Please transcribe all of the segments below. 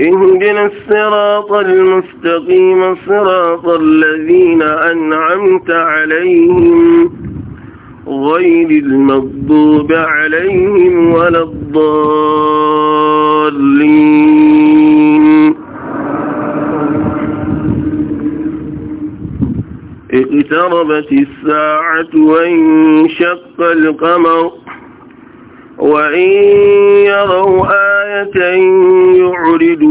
اهدنا الصراط المستقيم صراط الذين أنعمت عليهم غير المغضوب عليهم ولا الضالين اقتربت الساعة وانشق القمر وإن يروا آه آية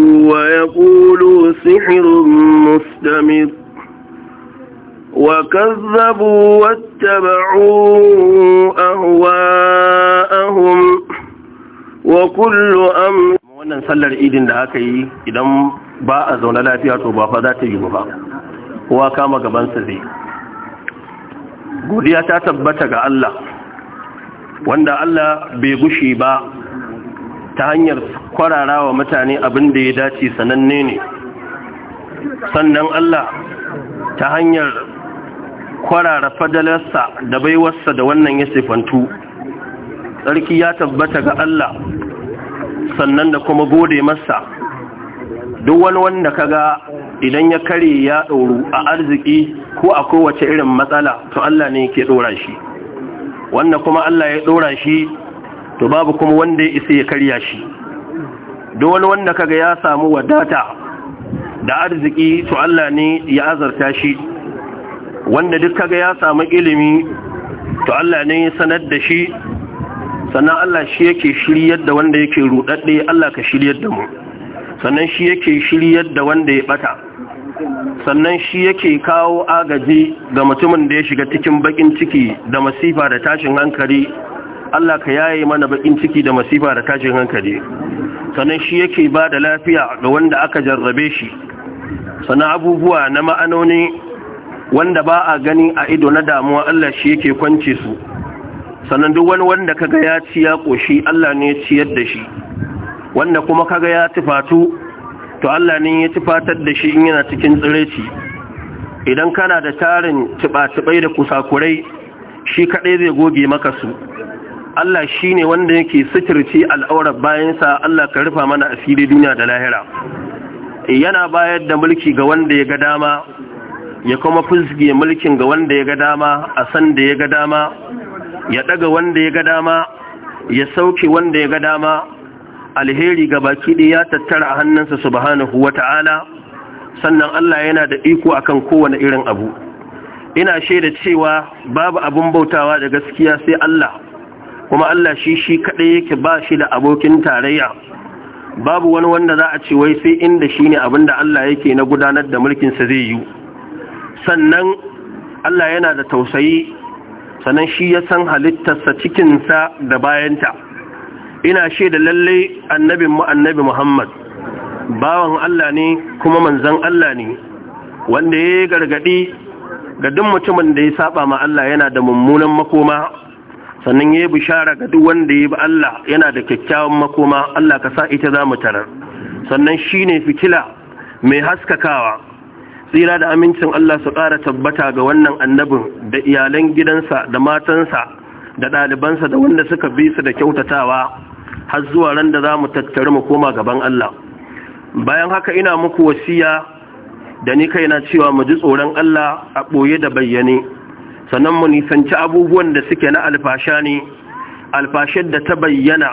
wannan sallar idin da aka yi idan ba a zaune lafiya to ba fa za ta yi ba kowa kama gabansa zai godiya ta tabbata ga Allah wanda Allah bai gushi ba ta hanyar kwarara wa mutane abin da ya dace sananne ne sannan Allah ta hanyar kwarara fadalarsa da baiwarsa da wannan ya sifantu tsarki ya tabbata ga Allah sannan da kuma gode masa duk wani wanda kaga idan ya kare ya ɗauru a arziki ko a kowace irin matsala to Allah ne ke ɗora shi wanda kuma Allah ya ɗora shi to babu kuma wanda ya isa ya karya shi Don wani wanda kaga ya samu wadata da arziki to Allah ne ya azarta shi wanda duk kaga ya samu ilimi to Allah ne ya sanar da shi sannan Allah shi yake shiryar da wanda yake rudadde Allah ka shiryar da mu sannan shi yake shiryar da wanda ya bata sannan shi yake kawo agaji ga mutumin da ya shiga cikin bakin ciki da masifa da tashin hankali Allah ka yaye mana bakin ciki da masifa da tashin hankali sannan shi yake ba da lafiya ga wanda aka jarrabe shi sannan abubuwa na ma'anoni wanda ba a gani a ido na damuwa Allah shi yake kwance su sannan duk wani wanda kaga ya ci ya koshi Allah ne ya ciyar da shi wanda kuma kaga ya tufatu to Allah ne ya tufatar da shi in yana cikin tsireci idan kana da tarin tuba-tubai da kusakurai shi kaɗai zai goge maka su Allah shi ne wanda yake suturce al'aurar bayansa Allah ka rufa mana asiri duniya da lahira yana bayar da mulki ga wanda ya ga dama ya kuma fusge mulkin ga wanda ya ga dama a sanda da ya ga dama ya daga wanda ya ga dama ya sauke wanda ya ga dama alheri ga baki ɗaya ya tattara a hannunsa subhanahu wata'ala sannan Allah yana da iko akan kowane irin abu ina shaida cewa babu abin bautawa da gaskiya sai Allah kuma Allah shi shi kaɗai yake ba shi da abokin tarayya babu wani wanda za a ce wai sai inda shi ne abinda Allah yake na gudanar da mulkinsa zai yi sannan Allah yana da tausayi sannan shi ya san halittarsa cikinsa da bayanta ina da lallai, annabin mu annabi Muhammad bawan Allah ne kuma manzon Allah ne wanda ya gargadi ga duk mutumin da ya saba ma Allah yana da mummunan makoma sannan ya yi bishara ga duk wanda ya bi Allah yana da kyakkyawan makoma Allah ka sa ita za mu tarar sannan shi ne fitila mai haskakawa tsira da amincin Allah su ƙara tabbata ga wannan annabin da iyalan gidansa da matansa da ɗalibansa da wanda suka bi su da kyautatawa har zuwa ran da za mu tattari mu koma gaban Allah bayan haka ina muku wasiya da ni kaina cewa mu ji tsoron Allah a ɓoye da bayyane sannan mu nisanci abubuwan da suke na alfasha ne alfashar da ta bayyana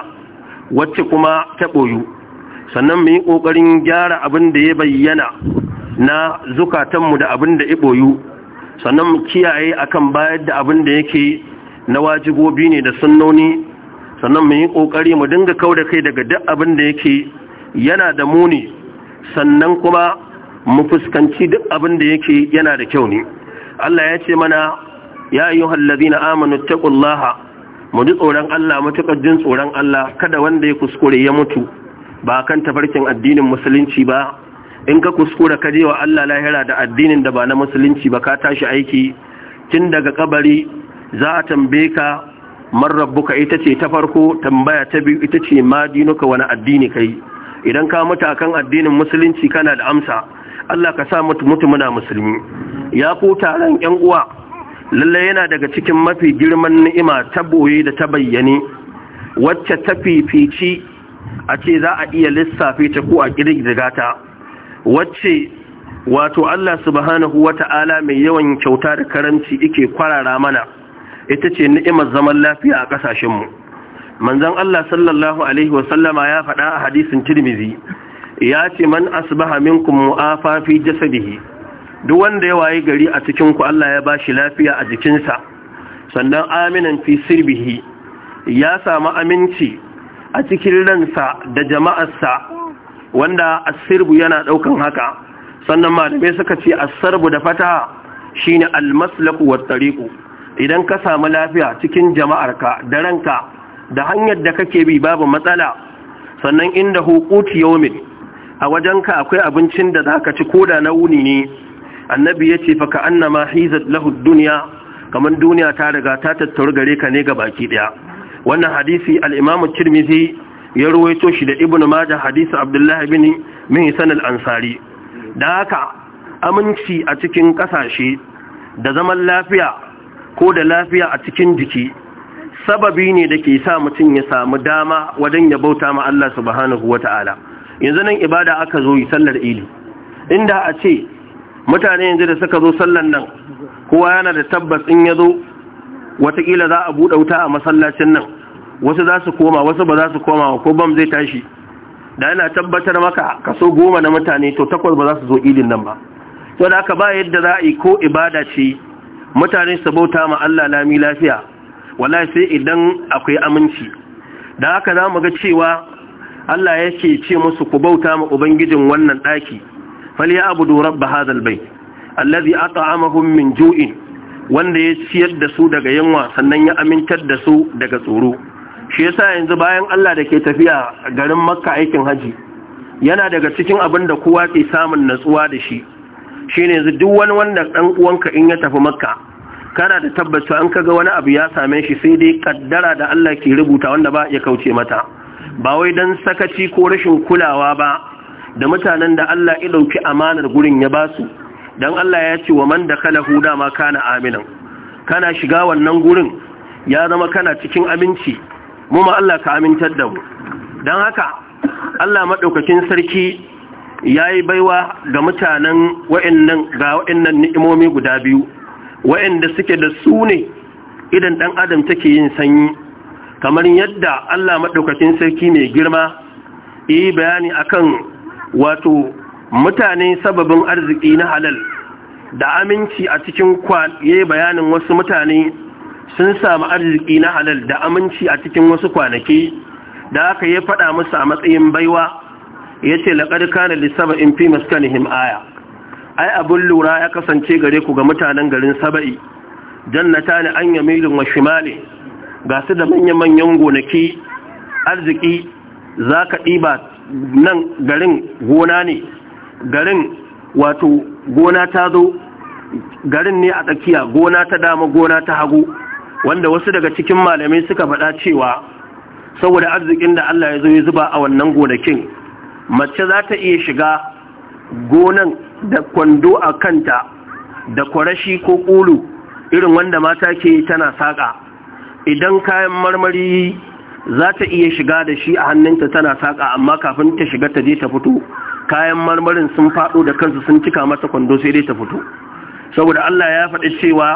wacce kuma ta ɓoyu sannan mu yi ƙoƙarin gyara abin da ya bayyana na zukatanmu da abin da ya ɓoyu sannan mu kiyaye akan bayar da abin da yake na wajibobi ne da sunnoni sannan mu yi ƙoƙari mu dinga kau da kai daga duk abin da yake yana da muni sannan kuma mu fuskanci duk abin da yake yana da kyau ne Allah ya ce mana ya na Amina amanu taqullaha mu ji tsoron Allah mutukar jin tsoron Allah kada wanda ya kuskure ya mutu ba kan tafarkin addinin musulunci ba in ka kuskura ka je wa Allah lahira da addinin da ba na musulunci ba ka tashi aiki tun daga kabari za a tambaye ka man rabbuka ita ce ta farko tambaya ta biyu ita ce ma dinuka wani addini kai idan ka mutu akan addinin musulunci kana da amsa Allah ka sa mutu mutu muna musulmi ya ku taron yan uwa lalle yana daga cikin mafi girman ni'ima ta boye da ta bayyane wacce ta fifici a ce za a iya lissafe ta ko a girgiza ta wacce wato Allah subhanahu wata'ala mai yawan kyauta da karanci yake kwarara mana ita ce ni'imar zaman lafiya a kasashenmu manzon Allah sallallahu alaihi wasallama ya faɗa a hadisin Tirmizi. ya ce man asbaha minkum mu'afa fi jasadihi duk wanda ya waye gari a cikin ku Allah ya bashi lafiya a jikinsa sannan aminan fi sirbihi ya samu aminci a cikin ransa da jama'arsa wanda asirbu yana daukan haka sannan malamai suka ce asarbu da fata shine almaslaku wat tariqu idan ka samu lafiya cikin jama'arka da ranka da hanyar da kake bi babu matsala sannan inda hukuti yawmin a wajenka akwai abincin da zaka ci koda na wuni ne annabi ya ce fa ka annama hizat lahu duniya kamar duniya ta riga ta tattaru gare ka ne ga baki daya wannan hadisi al’imamu kirmizi ya ruwaito shi da Ibn majah hadisi Abdullahi bin mihsan sanar ansari da haka aminci a cikin kasashe da zaman lafiya ko da lafiya a cikin jiki sababi ne da ke sa mutum ya samu dama wajen ya bauta ma Allah subhanahu wata'ala yanzu nan ibada aka zo yi sallar ili, inda a ce mutane yanzu da suka zo sallan nan kowa yana da tabbas in ya zo watakila za a buɗe wuta a masallacin nan wasu za su koma wasu ba za su koma ko bam zai tashi da yana tabbatar maka kaso goma na mutane to takwas ba za su zo ilin nan ba to da aka ba yadda za a yi ko ibada ce mutane su bauta ma Allah lami lafiya wallahi sai idan akwai aminci da haka za mu ga cewa Allah yake ce musu ku bauta ma ubangijin wannan daki. falyabudu rabb hadha albayt allazi at'amahum min ju'in wanda ya ciyar da su daga yunwa sannan ya amintar da su daga tsoro shi yasa yanzu bayan Allah da ke tafiya garin Makka aikin haji yana daga cikin abin da kowa ke samun natsuwa da shi shine yanzu duk wani wanda dan uwanka in ya tafi Makka kana da in an kaga wani abu ya same shi sai dai kaddara da Allah ke rubuta wanda ba ya kauce mata ba wai dan sakaci ko rashin kulawa ba da mutanen da Allah ya dauki amanar gurin ya basu dan Allah ya ce wa man da huda ma kana aminan kana shiga wannan gurin ya zama kana cikin aminci mu Allah ka amintar da mu dan haka Allah madaukakin sarki yayi baiwa ga mutanen wa'annan ga wa'annan ni'imomi guda biyu wa'anda suke da su ne idan ɗan adam take yin sanyi kamar yadda Allah madaukakin sarki mai girma yi bayani akan wato mutane sababin arziki na halal da aminci a cikin kwaye bayanin wasu mutane sun samu arziki na halal da aminci a cikin wasu kwanaki da aka yi faɗa musu a matsayin baiwa ya ce laƙar kanar lissaba in fi maskanihim aya ai abin lura ya kasance gare ku ga mutanen garin saba'i jannata ne an yamilin wa shimali ga su da manya-manyan gonaki arziki za ka ɗiba nan garin gona ne garin wato gona ta zo garin ne a tsakiya gona ta dama gona ta hagu wanda wasu daga cikin malamai suka faɗa cewa saboda arzikin da Allah ya zo ya zuba a wannan gonakin mace za ta iya shiga gonan da kwando a kanta da kwarashi ko ƙulu irin wanda mata ke tana saƙa idan kayan marmari za ta iya shiga da shi a hannunta tana saƙa amma kafin ta shiga ta je ta fito kayan marmarin sun faɗo da kansu sun cika mata kwando sai dai ta fito saboda Allah ya faɗi cewa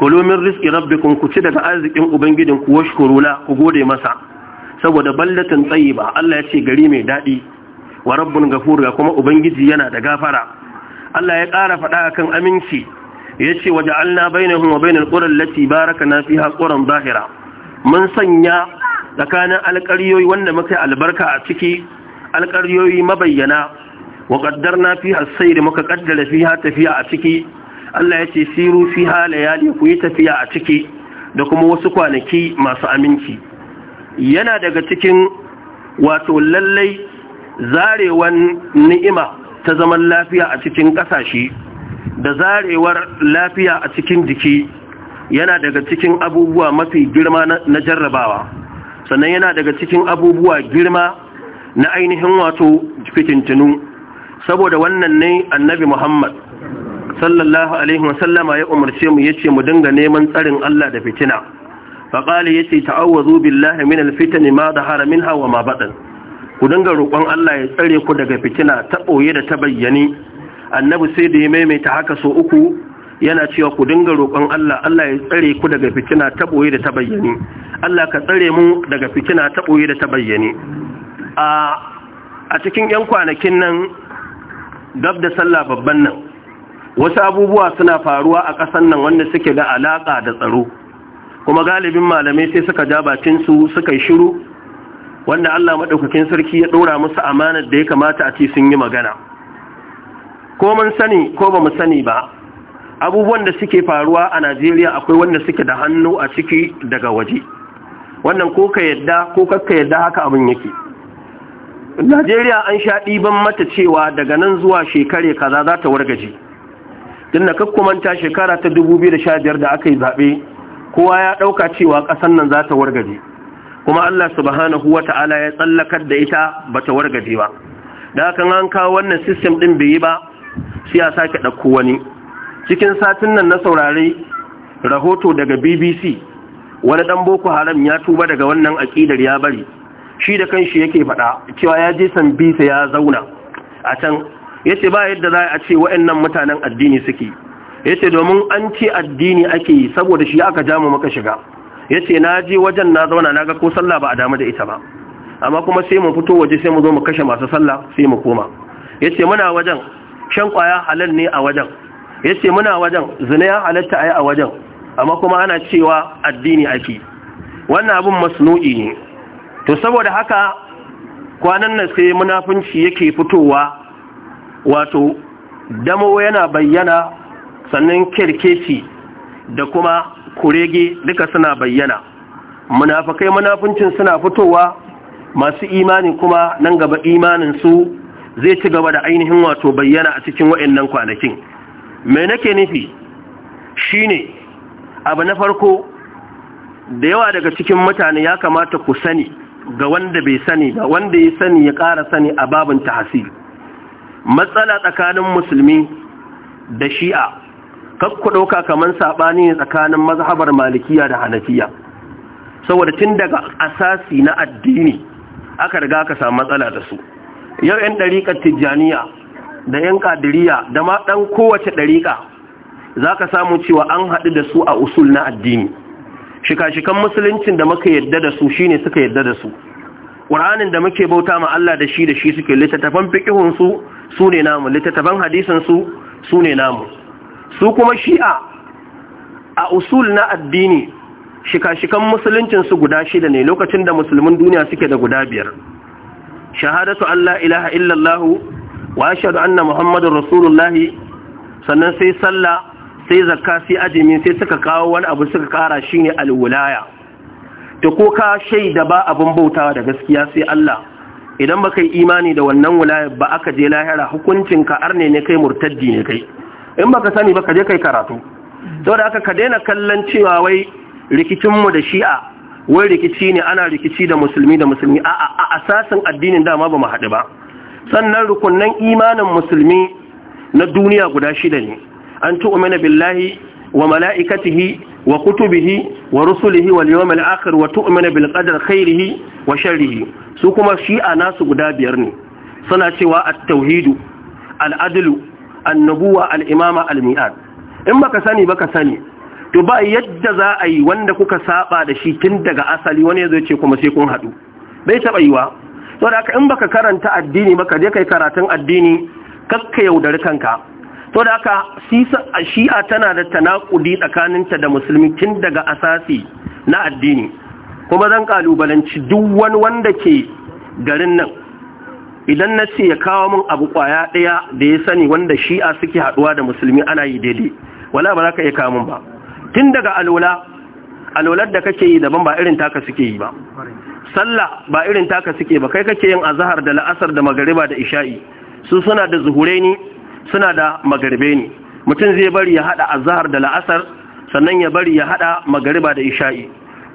kulumin rizki rabbikum ku ci daga arzikin ubangijin ku washkuru la ku gode masa saboda ballatin ba, Allah ya ce gari mai daɗi wa rabbun gafur ga kuma ubangiji yana da gafara Allah ya ƙara faɗa akan aminci ya ce yace waja'alna bainahum wa bainal qura allati na fiha quran zahira mun sanya tsakanin alƙaryoyi wanda muka albarka a ciki alƙaryoyi mabayyana wa na fi hassai da muka ƙaddara fiha tafiya a ciki Allah ya ce siru fiha layali ku yi tafiya a ciki da kuma wasu kwanaki masu aminci yana daga cikin wato lallai zarewan ni'ima ta zaman lafiya a cikin ƙasashe da zarewar lafiya a cikin jiki yana daga cikin abubuwa mafi girma na jarrabawa sannan yana daga cikin abubuwa girma na ainihin wato fitintinu saboda wannan ne annabi muhammad sallallahu alaihi wasallama ya umarce mu yace mu dinga neman tsarin Allah da fitina faqali yace ta'awwazu billahi min alfitani ma dahara minha wa ma batan ku dinga roƙon Allah ya tsare ku daga fitina ta boye da ta bayyane annabi sai da ya maimaita haka so uku yana cewa ku dinga roƙon Allah Allah ya tsare ku daga fitina ta boye da ta bayyane Allah ka tsare mu daga fitina ta ɓoye da ta bayyane a cikin 'yan kwanakin nan gab da sallah babban nan wasu abubuwa suna faruwa a ƙasan nan wanda suke da alaƙa da tsaro kuma galibin malamai sai suka ja bakinsu suka yi shiru wanda Allah maɗaukakin sarki ya ɗora musu amanar da ya kamata a ci sun yi magana ko mun sani ko ba mu sani ba abubuwan da suke faruwa a Najeriya akwai wanda suke da hannu a ciki daga waje wannan ko ka yadda ko kakka yadda haka abin yake najeriya an sha ɗiban mata cewa daga nan zuwa shekare kaza za ta wargaje din na kakkumanta shekara ta dubu biyu da sha biyar da aka yi zaɓe kowa ya ɗauka cewa ƙasar nan za ta wargaje kuma allah subhanahu wa ta'ala ya tsallakar da ita ba ta wargaje ba da haka an kawo wannan sistem ɗin bai yi ba sai ya sake ɗauko wani cikin satin nan na saurari rahoto daga bbc wani dan boko haram ya tuba daga wannan akidar ya bari shi da kanshi yake faɗa cewa ya je san bisa ya zauna a can yace ba yadda za a ce wa'annan mutanen addini suke yace domin an ce addini ake yi saboda shi aka jamu maka shiga yace na je wajen na zauna naga ko sallah ba a damu da ita ba amma kuma sai mu fito waje sai mu zo mu kashe masu sallah sai mu koma yace muna wajen shan kwaya halal ne a wajen yace muna wajen zina ya halatta yi a wajen amma kuma ana cewa addini ake wannan abin masnu'i ne to saboda haka kwanan nan sai munafunci yake fitowa wato damo yana bayyana sannan kirkeci da kuma kurege duka suna bayyana munafakai munafuncin suna fitowa masu imani kuma nan gaba imanin su zai ci gaba da ainihin wato bayyana a cikin waɗannan kwanakin me nake nufi shine abu na farko da yawa daga cikin mutane ya kamata ku sani ga wanda bai sani ba wanda ya sani ya ƙara sani a babin tahasiri matsala tsakanin musulmi da shi'a kakku ɗauka kamar saɓani ne tsakanin mazhabar malikiya da hanafiya saboda tun daga asasi na addini aka riga ka samu matsala da su yau 'yan ɗariƙar tijjaniya da 'yan ƙadiriya da ma ɗan kowace ɗariƙa za ka samu cewa an haɗu da su a usul na addini Shikashikan shikan musuluncin da muka yadda da su shine suka yadda da su ƙur'anin da muke bauta ma Allah da shi da shi suke littattafan fiƙihunsu su ne namu littattafan hadisansu su ne namu su kuma shi'a a usul na addini shikashikan shikan musuluncinsu guda shida ne lokacin da musulmin duniya suke da guda biyar shahadatu Allah ilaha illallahu wa ashhadu anna muhammadun rasulullahi sannan sai sallah sai zakka sai ajimin sai suka kawo wani abu suka kara shine alwulaya to ko ka shaida ba abin bautawa da gaskiya sai Allah idan baka yi imani da wannan wulaya ba aka je lahira hukuncin ka arne ne kai murtaddi ne kai in baka sani ba ka je kai karatu saboda aka ka daina kallon cewa wai rikicinmu da shi'a wai rikici ne ana rikici da musulmi da musulmi a a asasin addinin dama ba mu haɗu ba sannan rukunnan imanin musulmi na duniya guda shida ne an tu'mina billahi wa mala'ikatihi wa kutubihi wa rusulihi wal yawmil akhir wa tu'mina bil qadar khairihi wa sharrihi su kuma shi'a nasu guda biyar ne suna cewa at-tauhidu al-adlu an-nubuwa al-imama al-mi'ad in baka sani baka sani to ba yadda za a yi wanda kuka saba da shi tun daga asali wani zai ce kuma sai kun haɗu bai taɓa yiwa saboda haka in baka karanta addini baka je kai karatun addini kakka yaudari kanka to da aka shi'a tana da tanakudi tsakaninta da musulmi tun daga asasi na addini kuma zan kalubalanci duk wani wanda ke garin nan idan na ce ya kawo min abu kwaya ɗaya da ya sani wanda shi'a suke haɗuwa da musulmi ana yi daidai wala ba za ka iya kawo min ba tun daga alola alolar da kake yi daban ba irin taka suke yi ba sallah ba irin taka suke ba kai kake yin azahar da la'asar da magariba da isha'i su suna da zuhure ne suna da magarbe ne mutum zai bari ya hada azhar da la'asar sannan ya bari ya haɗa magariba da isha'i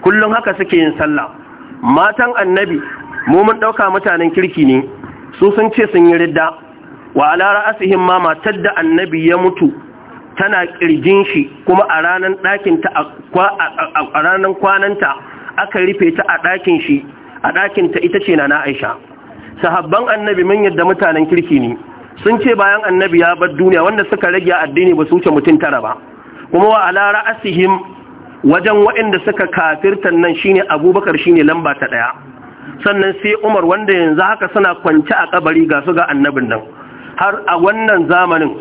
kullum haka suke yin sallah matan annabi mu mun dauka mutanen kirki ne su sun ce sun yi ridda wa ala ra'asihim ma matar da annabi ya mutu tana kirjin shi kuma a ranan dakin a ranan kwananta aka rufe ta a dakin shi a dakin ta ita ce na Aisha sahabban annabi mun yadda mutanen kirki ne sun ce bayan annabi ya bar duniya wanda suka rage addini ba su wuce mutum tara ba kuma wa ala ra'asihim wajen waɗanda suka kafirta nan shine abubakar shine lamba ta ɗaya sannan sai umar wanda yanzu haka suna kwanci a kabari ga su ga annabin nan har a wannan zamanin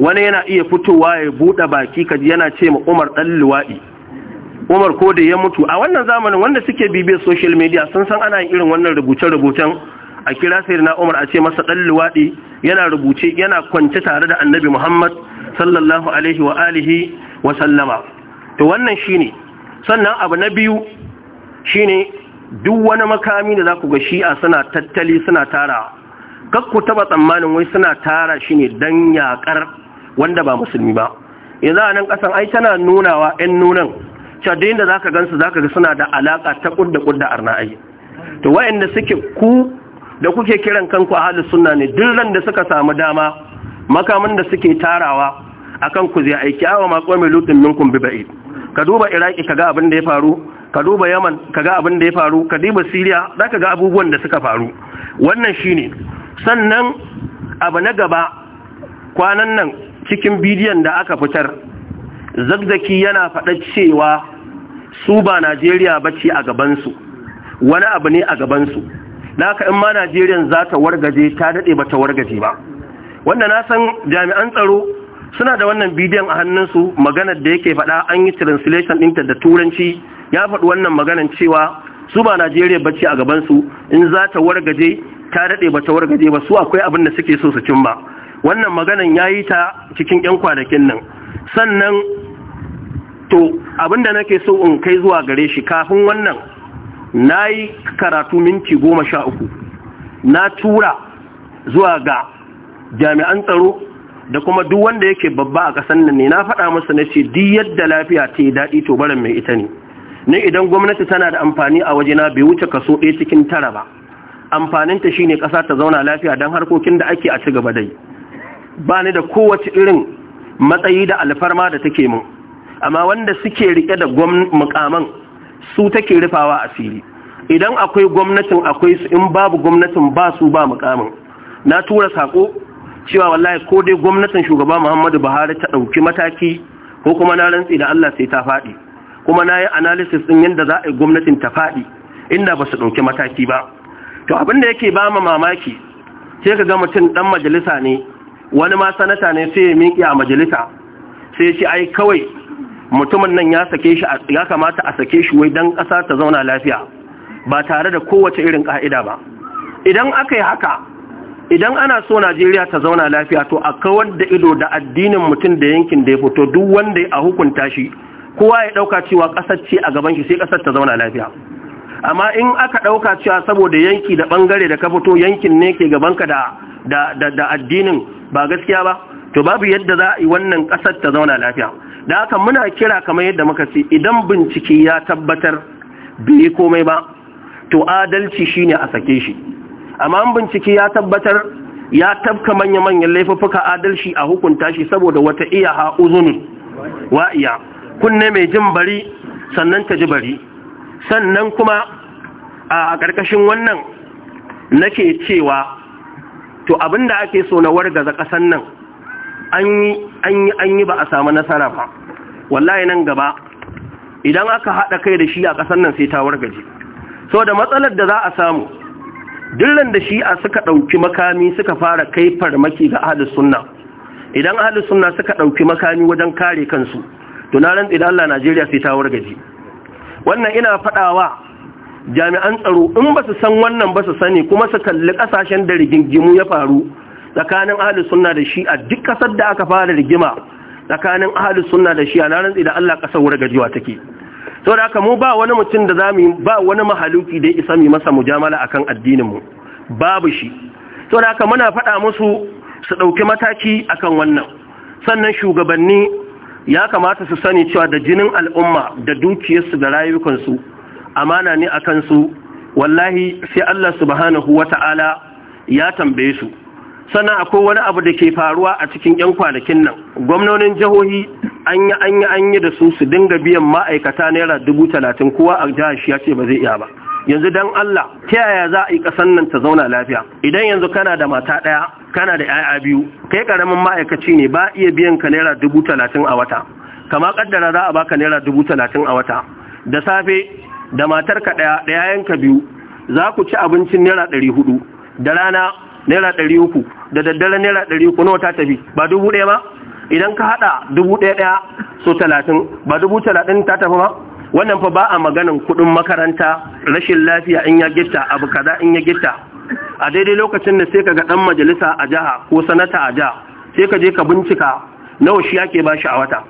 wani yana iya fitowa ya buɗe baki kaji yana ce ma umar ɗan luwaɗi umar ko da ya mutu a wannan zamanin wanda suke bibiyar social media sun san ana irin wannan rubuce-rubucen a kira sayyidina Umar a ce masa dan luwadi yana rubuce yana kwance tare da Annabi Muhammad sallallahu alaihi wa alihi wa sallama to wannan shine sannan abu na biyu shine duk wani makami da zaku ga shi'a suna tattali suna tara kakku taba tsammanin wai suna tara shine dan yakar wanda ba musulmi ba yanzu a nan kasan ai tana nunawa 'yan nunan cadin da zaka gansu zaka ga suna da alaka ta kudda kudda arna ai to wayanda suke ku da kuke kiran kanku ahlus sunna ne duk ran da suka samu dama makaman da suke tarawa akan ku zai aiki awa ma qawmi lutin minkum bi ba'id ka duba iraki kaga abin da ya faru ka duba yaman kaga abin da ya faru ka duba syria zaka ga abubuwan da suka faru wannan shine sannan abu na gaba kwanan nan cikin bidiyon da aka fitar zagzaki yana faɗa cewa su ba najeriya ba ce a gabansu wani abu ne a gabansu da haka in ma najeriya za ta wargaje ta daɗe ba ta wargaje ba wanda na san jami'an tsaro suna da wannan bidiyon a hannunsu maganar da yake faɗa an yi translation ta, da turanci ya faɗi wannan maganar cewa su ba najeriya bacci a gabansu in za ta wargaje ta daɗe ba ta wargaje ba su akwai abin da suke so su cin ba wannan maganar ya yi ta cikin 'yan kwanakin nan sannan to abinda nake so in kai zuwa gare shi kafin wannan na yi karatu minti goma sha uku na tura zuwa ga jami'an tsaro da kuma duk wanda yake babba a kasan nan ne na faɗa masa na ce di yadda lafiya ta yi daɗi to barin mai ita ne ni idan gwamnati tana da amfani a waje na, bai wuce kaso ɗaya cikin tara ba amfaninta shine ƙasa ta zauna lafiya don harkokin da ake a ci gaba dai ba ni da kowace irin matsayi da alfarma da take mun amma wanda suke rike da mukaman su take rufawa asiri idan akwai gwamnatin akwai su in babu gwamnatin ba su ba mukamin na tura sako cewa wallahi ko dai gwamnatin shugaba Muhammadu Buhari ta dauki mataki ko kuma na rantsi da Allah sai ta fadi kuma nayi yi analysis din yadda za a yi gwamnatin ta fadi inda ba su dauki mataki ba to abin da yake ba mamaki sai ka ga mutum dan majalisa ne wani ma sanata ne sai ya miƙi a majalisa sai ya ce ai kawai mutumin nan ya sake shi ya kamata a sake shi wai dan ƙasa ta zauna lafiya ba tare da kowace irin ƙa'ida ba idan aka yi haka idan ana so Najeriya ta zauna lafiya to a kawar da ido da addinin mutum da yankin da ya fito duk wanda ya hukunta shi kowa ya ɗauka cewa ƙasar ce a gaban shi sai ƙasar ta zauna lafiya amma in aka ɗauka cewa saboda yanki da ɓangare da ka fito yankin ne ke gabanka da da da addinin ba gaskiya ba to babu yadda za a yi wannan ƙasar ta zauna lafiya da haka muna kira kamar yadda muka ce idan bincike ya tabbatar bai komai ba to adalci shine a sake shi amma an bincike ya tabbatar ya tabka manya-manyan laifuffuka adalci a hukunta shi saboda wata iya ha uzunun wa'iya kunne mai jin bari sannan ta ji bari sannan kuma a ƙarƙashin wannan nake cewa to abinda ake so na wargaza ƙasan nan an yi ba a samu nasara ba wallahi nan gaba idan aka haɗa kai da shi a ƙasar nan sai ta wargaje so da matsalar da za a samu dillan da shi a suka ɗauki makami suka fara kai farmaki ga ahli sunna idan ahli sunna suka ɗauki makami wajen kare kansu to na idan Allah Najeriya sai ta wargaje wannan ina faɗawa jami'an tsaro in ba su san wannan ba su sani kuma su kalli ƙasashen da rigingimu ya faru tsakanin ahalus sunna da shi a duk kasar da aka fara rigima tsakanin ahalus sunna da shi'a na rantsi da Allah kasar wurin gajiwa take da aka mu ba wani mutum da za yi ba wani mahaluki da isa mu masa mujamala akan addinin mu babu shi da aka muna faɗa musu su ɗauki mataki akan wannan sannan shugabanni ya kamata su sani cewa da jinin al'umma da dukiyarsu da rayukansu amana ne a kansu wallahi sai Allah subhanahu wata'ala ya tambaye su sannan akwai wani abu da ke faruwa a cikin 'yan kwanakin nan gwamnonin jihohi an yi an yi da su su dinga biyan ma'aikata naira dubu talatin kowa a jihar shi ya ce ba zai iya ba yanzu dan Allah ta yaya za a yi kasan nan ta zauna lafiya idan yanzu kana da mata ɗaya kana da 'ya'ya biyu kai karamin ma'aikaci ne ba iya biyan ka naira dubu talatin a wata kama kaddara za a baka naira dubu talatin a wata da safe da matarka ɗaya da yayanka biyu za ku ci abincin naira ɗari hudu da rana naira ɗari uku da daddare naira ɗari uku nawa ta tafi ba dubu ɗaya ba idan ka haɗa dubu ɗaya ɗaya so talatin ba dubu talatin ta tafi ba wannan fa ba a maganin kuɗin makaranta rashin lafiya in ya gitta abu kaza in ya gitta a daidai lokacin da sai ka ga ɗan majalisa a jiha ko sanata a jiha sai ka je ka bincika nawa shi ake ba shi a wata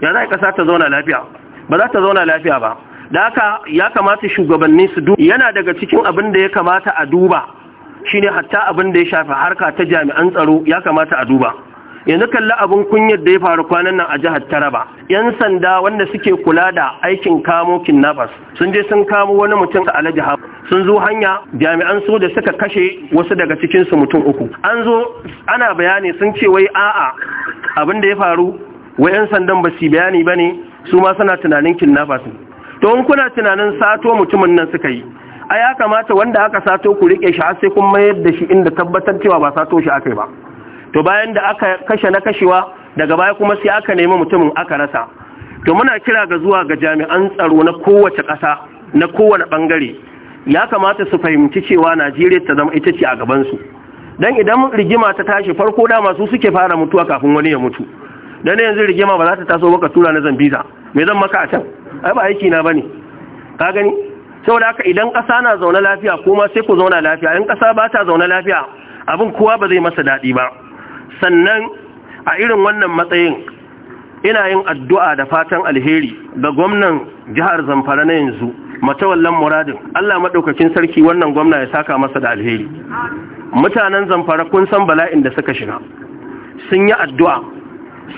ya za ƙasa ta zauna lafiya ba za ta zauna lafiya ba da haka ya kamata shugabanni su duba yana daga cikin abin da ya kamata a duba shine hatta abin da ya shafi harka ta jami'an tsaro ya kamata a duba yanzu kalli abin kunyar da ya faru kwanan nan a jihar Taraba yan sanda wanda suke kula da aikin kamo kidnappers sun je sun kamo wani mutum a Alhaji sun zo hanya jami'an su da suka kashe wasu daga cikin su mutum uku an zo ana bayani sun ce wai a'a abin da ya faru wai yan sandan ba su bayani bane su ma suna tunanin kidnappers to in kuna tunanin sato mutumin nan suka yi a ya kamata wanda aka sato ku riƙe shi har sai kun mayar da shi inda tabbatar cewa ba sato shi aka yi ba to bayan da aka kashe na kashewa daga baya kuma sai aka nemi mutumin aka rasa to muna kira ga zuwa ga jami'an tsaro na kowace ƙasa na kowane ɓangare ya kamata su fahimci cewa najeriya ta zama ita ce a gabansu don idan rigima ta tashi farko da masu suke fara mutuwa kafin wani ya mutu don yanzu rigima ba za ta taso baka tura na zambiza me zan maka a can ai ba aiki na bane ka gani saboda haka idan ƙasa na zaune lafiya kuma sai ku zauna lafiya in ƙasa ba ta zaune lafiya abin kowa ba zai masa daɗi ba sannan a irin wannan matsayin ina yin addu'a da fatan alheri ga gwamnan jihar zamfara na yanzu matawallan muradin Allah maɗaukakin sarki wannan gwamna ya saka masa da alheri mutanen zamfara kun san bala'in da suka shiga sun yi addu'a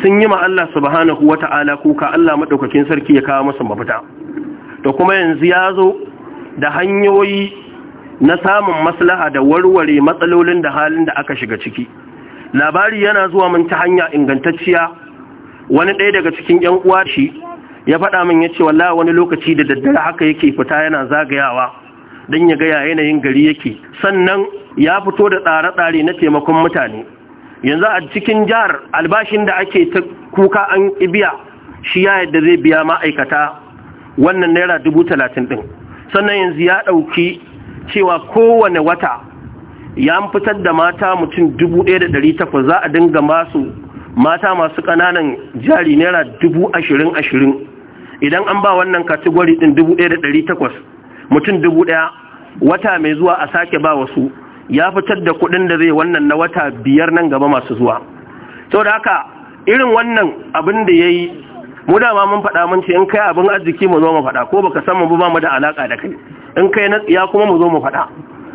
sun yi ma Allah subhanahu wata'ala kuka Allah maɗaukakin sarki ya kawo masa mafita Da kuma yanzu ya zo da hanyoyi na samun maslaha da warware matsalolin da halin da aka shiga ciki labari yana zuwa min ta hanya ingantacciya wani ɗaya daga cikin ‘yan uwa shi ya faɗa min ya ce wallawa wani lokaci da daddare haka yake fita yana zagayawa don ya gaya yanayin gari yake sannan ya fito da tsare-tsare na taimakon mutane yanzu a cikin jihar albashin da ake ta kuka an ibiya shi ya yadda zai biya ma'aikata wannan naira dubu talatin ɗin sannan yanzu ya ɗauki cewa kowane wata ya fitar da mata mutum takwas za a dinga masu mata masu ƙananan jari naira ashirin idan an ba wannan kategori ɗin takwas, mutum ɗaya, wata mai zuwa a sake ba wasu ya fitar da kuɗin da zai wannan na wata biyar nan gaba masu zuwa sau da haka irin wannan abin da ya yi mu dama mun faɗa mun ce in kai abin arziki mu zo mu faɗa ko baka san mu ba mu da alaka da kai in kai na tsiya kuma mu zo mu faɗa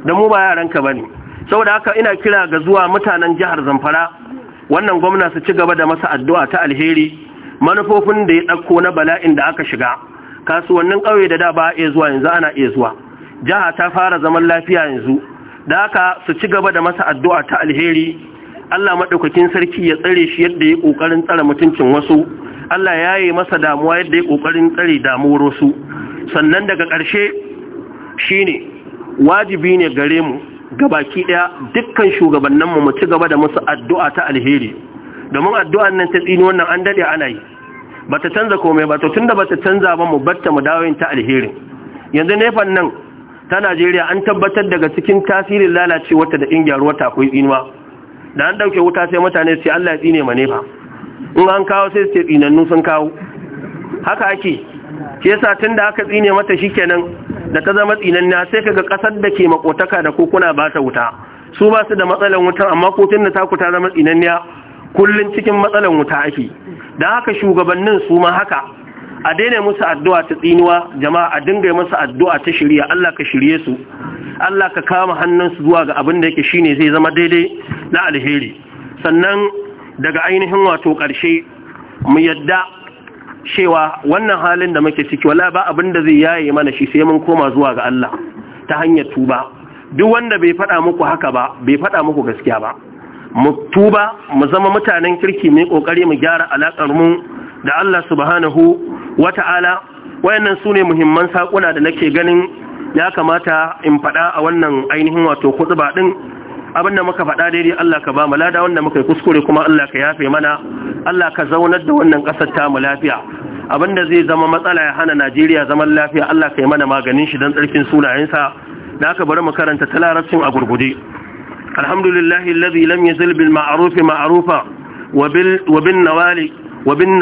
dan mu ba yaran ka bane saboda haka ina kira ga zuwa mutanen jihar Zamfara wannan gwamna su ci gaba da masa addu'a ta alheri manufofin da ya ɗauko na bala'in da aka shiga kasuwannin ƙauye da da ba iya zuwa yanzu ana iya zuwa jiha ta fara zaman lafiya yanzu da haka su ci gaba da masa addu'a ta alheri Allah madaukakin sarki ya tsare shi yadda ya ƙoƙarin tsare mutuncin wasu Allah ya yi masa damuwa yadda ya ƙoƙarin tsari damuwar wasu sannan daga ƙarshe shine wajibi ne gare mu baki ɗaya dukkan shugabanninmu mu ci gaba da musu addu'a ta alheri domin addu'an nan ta tsini wannan an daɗe ana yi ba ta canza komai ba to tun da ba ta canza ba mu batta mu dawoyin ta alheri. yanzu nefan nan ta najeriya an tabbatar daga cikin tasirin lalacewarta da in wata ta akwai tsinuwa da an ɗauke wuta sai mutane sai allah ya tsine ma nefa in an kawo sai su ce tsinannu sun kawo haka ake shi yasa tun da aka tsine mata shikenan da ta zama tsinanniya sai kaga kasar da ke makotaka da kokuna ba ta wuta su ba su da matsalan wuta amma ko tun da ta kuta zama tsinanniya kullun cikin matsalan wuta ake da haka shugabannin su ma haka a daina musu addu'a ta tsinuwa jama'a a dinga musu addu'a ta shirya Allah ka shirye su Allah ka kama hannun su zuwa ga abin da yake shine zai zama daidai na alheri sannan daga ainihin wato ƙarshe mu yadda cewa wannan halin da muke ciki wala ba abin da zai yaye mana shi sai mun koma zuwa ga Allah ta hanyar tuba duk wanda bai faɗa muku haka ba bai faɗa muku gaskiya ba mu tuba mu zama mutanen kirki mai ƙoƙari, mu gyara alaƙar mu da Allah subhanahu wata'ala wayannan sune muhimman sakuna da nake ganin ya kamata in faɗa a wannan ainihin wato khutba ɗin. abin da muka faɗa daidai Allah ka ba mu lada wanda muka yi kuskure kuma Allah ka yafe mana Allah ka zaunar da wannan ƙasar ta mu lafiya abin da zai zama matsala ya hana Najeriya zaman lafiya Allah ka yi mana maganin shi don tsarkin sunayensa da aka bari mu karanta ta larabcin a gurgude alhamdulillahi alladhi lam yazil bil ma'ruf ma'rufa wa bil wa bin nawali وبالن...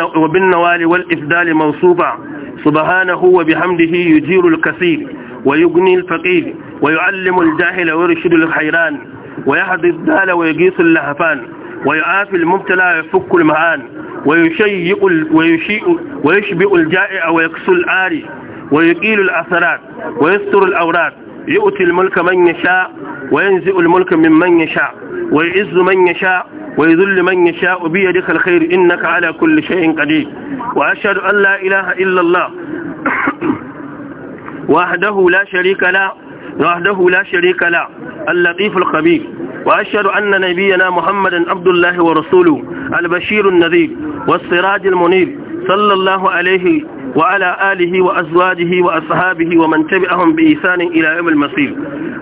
nawali wal ifdali mawsufa subhanahu wa bihamdihi yujirul kaseer ويغني الفقير ويعلم الجاهل ويرشد الحيران ويحضي الدال ويقيس اللهفان ويعافي المبتلى ويفك المهان ويشيء ويشيء ويشبئ الجائع ويكسو العاري ويقيل الأثرات ويستر الأوراد يؤتي الملك من يشاء وينزئ الملك ممن يشاء ويعز من يشاء ويذل من يشاء بيدك الخير إنك على كل شيء قدير وأشهد أن لا إله إلا الله وحده لا شريك له وحده لا شريك له اللطيف الخبير وأشهد أن نبينا محمدا عبد الله ورسوله البشير النذير والسراج المنير صلى الله عليه وعلى آله وأزواجه وأصحابه ومن تبعهم بإيسان إلى يوم المصير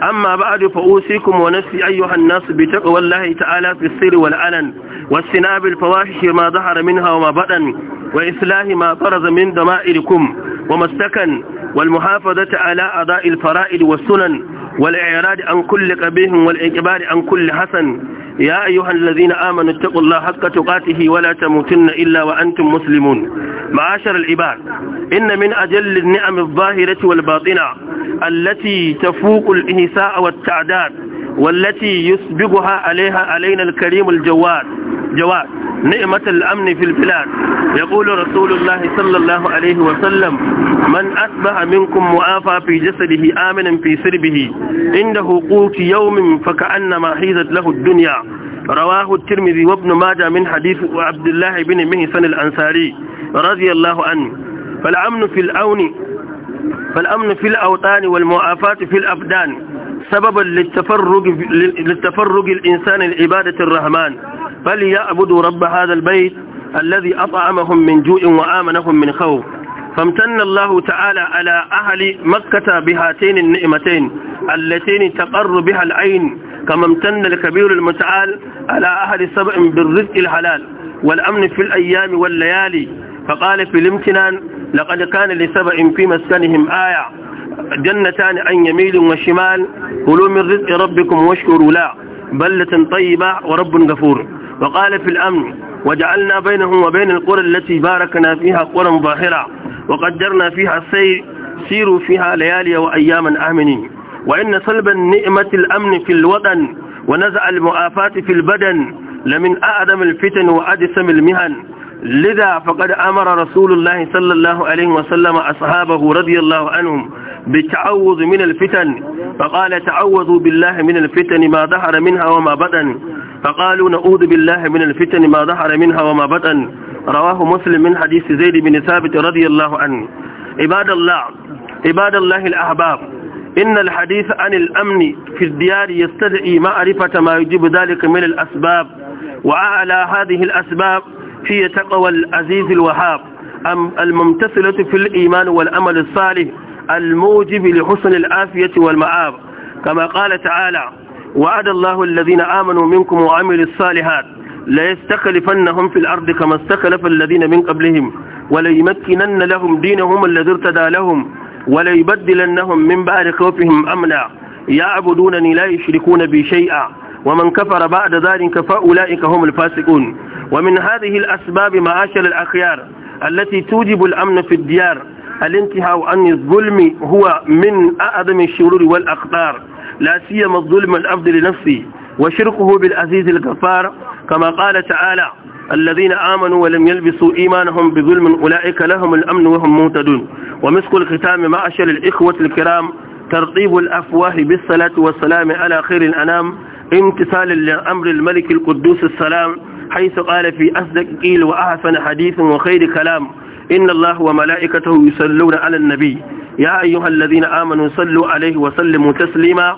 أما بعد فأوصيكم ونفسي أيها الناس بتقوى الله تعالى في السر والعلن والسناب الفواحش ما ظهر منها وما بطن وإصلاح ما طرز من ضمائركم استكن والمحافظة على أداء الفرائض والسنن والإعراض عن كل قبيح والإجبار عن كل حسن يا أيها الذين آمنوا اتقوا الله حق تقاته ولا تموتن إلا وأنتم مسلمون معاشر العباد إن من أجل النعم الظاهرة والباطنة التي تفوق الإنساء والتعداد والتي يسبقها عليها علينا الكريم الجواد جواد نعمة الأمن في البلاد يقول رسول الله صلى الله عليه وسلم من أصبح منكم معافى في جسده آمنا في سربه عنده قوت يوم فكأنما حيزت له الدنيا رواه الترمذي وابن ماجه من حديث عبد الله بن مهسن الأنصاري رضي الله عنه فالأمن في الأون فالأمن في الأوطان والمعافاة في الأبدان سببا للتفرج للتفرج الإنسان لعبادة الرحمن فليعبدوا رب هذا البيت الذي أطعمهم من جوع وآمنهم من خوف فامتن الله تعالى على أهل مكة بهاتين النعمتين اللتين تقر بها العين كما امتن الكبير المتعال على أهل سبع بالرزق الحلال والأمن في الأيام والليالي فقال في الامتنان لقد كان لسبع في مسكنهم آية جنتان عن يميل وشمال كلوا من رزق ربكم واشكروا لا بلة طيبة ورب غفور وقال في الأمن وجعلنا بينهم وبين القرى التي باركنا فيها قرى ظاهرة وقدرنا فيها السير سيروا فيها ليالي وأياما آمنين وإن صلب النعمة الأمن في الوطن ونزع المؤافاة في البدن لمن أعدم الفتن وأدسم المهن لذا فقد أمر رسول الله صلى الله عليه وسلم أصحابه رضي الله عنهم بالتعوذ من الفتن فقال تعوذوا بالله من الفتن ما ظهر منها وما بطن فقالوا نعوذ بالله من الفتن ما ظهر منها وما بطن رواه مسلم من حديث زيد بن ثابت رضي الله عنه عباد الله عباد الله الأحباب إن الحديث عن الأمن في الديار يستدعي معرفة ما يجيب ذلك من الأسباب وأعلى هذه الأسباب هي تقوى العزيز الوهاب الممتثلة في الإيمان والأمل الصالح الموجب لحسن العافية والمعاب كما قال تعالى وعد الله الذين آمنوا منكم وعملوا الصالحات ليستخلفنهم في الأرض كما استخلف الذين من قبلهم وليمكنن لهم دينهم الذي ارتدى لهم وليبدلنهم من بعد خوفهم أمنا يعبدونني لا يشركون بي شيئا ومن كفر بعد ذلك فأولئك هم الفاسقون ومن هذه الأسباب معاشر الأخيار التي توجب الأمن في الديار الانتهاء عن الظلم هو من أعظم الشرور والأخطار لا سيما الظلم الأفضل لنفسي وشركه بالعزيز الغفار كما قال تعالى الذين آمنوا ولم يلبسوا إيمانهم بظلم أولئك لهم الأمن وهم مهتدون ومسك الختام معشر الإخوة الكرام ترطيب الأفواه بالصلاة والسلام على خير الأنام امتثال لأمر الملك القدوس السلام حيث قال في أصدق قيل وأحسن حديث وخير كلام إن الله وملائكته يصلون على النبي يا أيها الذين آمنوا صلوا عليه وسلموا تسليما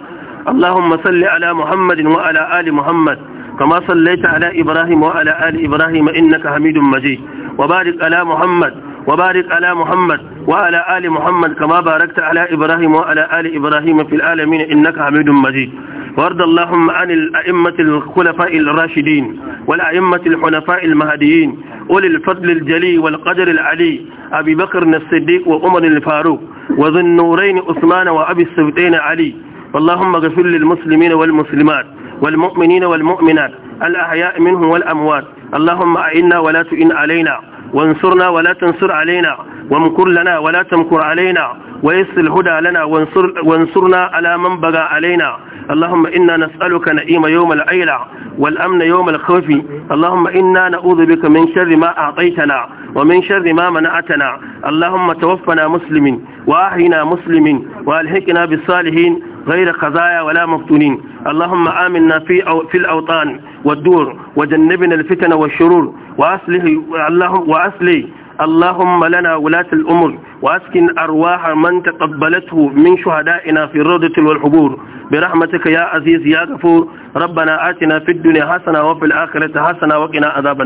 اللهم صل على محمد وعلى آل محمد كما صليت على إبراهيم وعلى آل إبراهيم إنك حميد مجيد وبارك على محمد وبارك على محمد وعلى آل محمد كما باركت على إبراهيم وعلى آل إبراهيم في العالمين إنك حميد مجيد وارض اللهم عن الأئمة الخلفاء الراشدين والأئمة الحنفاء المهديين أولي الفضل الجلي والقدر العلي أبي بكر الصديق وأمر الفاروق وذو النورين عثمان وأبي السبتين علي اللهم اغفر للمسلمين والمسلمات والمؤمنين والمؤمنات الأحياء منهم والأموات اللهم أعنا ولا تئن علينا وانصرنا ولا تنصر علينا وامكر لنا ولا تمكر علينا ويسر الهدى لنا وانصر وانصرنا على من بغى علينا اللهم إنا نسألك نئيم يوم العيلة والأمن يوم الخوف اللهم إنا نعوذ بك من شر ما أعطيتنا ومن شر ما منعتنا اللهم توفنا مسلمين وأحينا مسلمين وألحقنا بالصالحين غير قضايا ولا مفتونين اللهم آمنا في أو في الأوطان والدور وجنبنا الفتن والشرور وأصله اللهم وأصلح اللهم لنا ولاة الأمور وأسكن أرواح من تقبلته من شهدائنا في الروضة والحبور برحمتك يا عزيز يا غفور ربنا آتنا في الدنيا حسنة وفي الآخرة حسنة وقنا عذاب